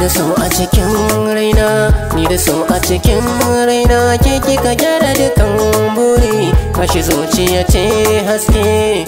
da so a cikin raina ni da so a cikin raina ke kika gyara dukan buri kashi zuciya ce haske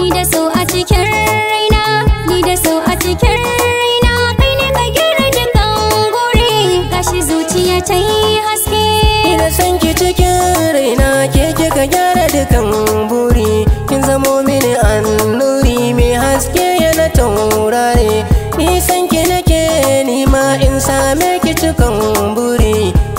ni da so a cikin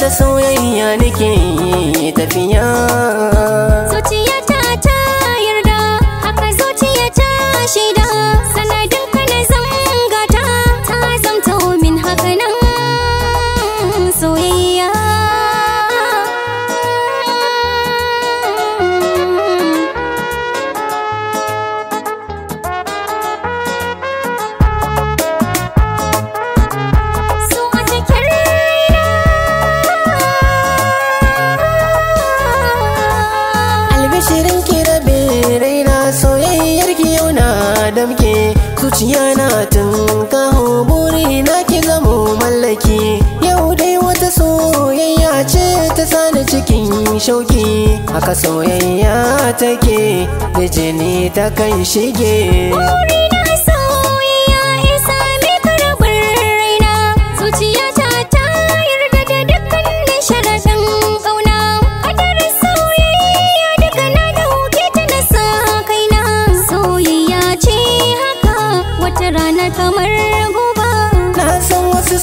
ta soyayya nake tafiya shirin ki rabe raina soyayyar ki yau na damke zuciya na tunka buri na ki zamo mallaki yau dai wata soyayya ce ta sani cikin shauki haka soyayya take da jini ta kan shige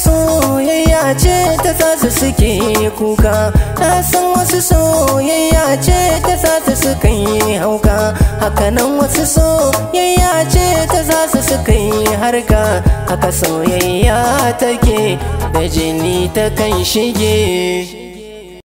soyayya ce ta sasa suke kuka na san wasu soyayya ce ta sasa suka yi hauka hakanan wasu soyayya ce ta sasa suka yi harka haka soyayya take da jini ta kan shige